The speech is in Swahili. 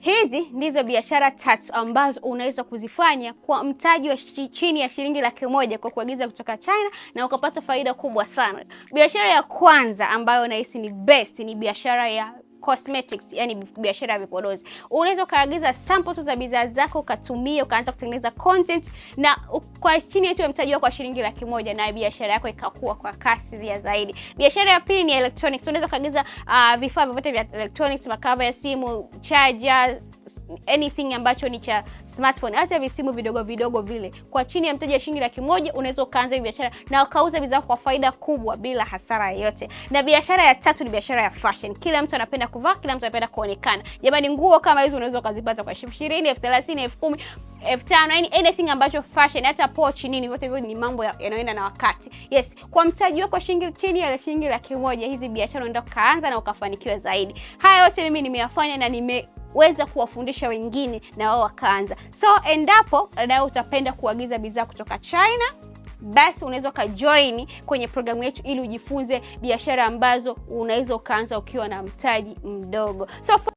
Hizi ndizo biashara tatu ambazo unaweza kuzifanya kwa mtaji wa chini ya shilingi laki moja kwa kuagiza kutoka China na ukapata faida kubwa sana. Biashara ya kwanza ambayo unahisi ni best ni biashara ya cosmetics, yani biashara ya vipodozi. Unaweza ukaagiza sample tu za bidhaa zako ukatumia ukaanza kutengeneza content na kwa chini yetu ya mtaji wako wa shilingi laki moja na biashara yako ikakua kwa kasi ya zaidi. Biashara ya pili ni electronics. Unaweza ukaagiza uh, vifaa vyovyote vya electronics, makava ya simu, charger anything ambacho ni cha smartphone, hata visimu vidogo vidogo vile, kwa chini ya mtaji wa shilingi laki moja unaweza ukaanza biashara na ukauza bidhaa kwa faida kubwa bila hasara yoyote. Na biashara ya tatu ni biashara ya fashion. Kila mtu anapenda kuvaa, kila mtu anapenda kuonekana. Jamani, nguo kama hizo unaweza ukazipata kwa elfu ishirini, elfu thelathini, elfu kumi elfu tano yani anything ambacho fashion, hata pochi nini, vyote hivyo ni mambo yanayoenda na wakati. Yes, kwa mtaji wako shilingi chini ya shilingi laki moja hizi biashara unaenda ukaanza na ukafanikiwa zaidi. Haya yote mimi nimeyafanya na nime weza kuwafundisha wengine na wao wakaanza. So endapo nawe utapenda kuagiza bidhaa kutoka China, basi unaweza ukajoin kwenye programu yetu ili ujifunze biashara ambazo unaweza ukaanza ukiwa na mtaji mdogo so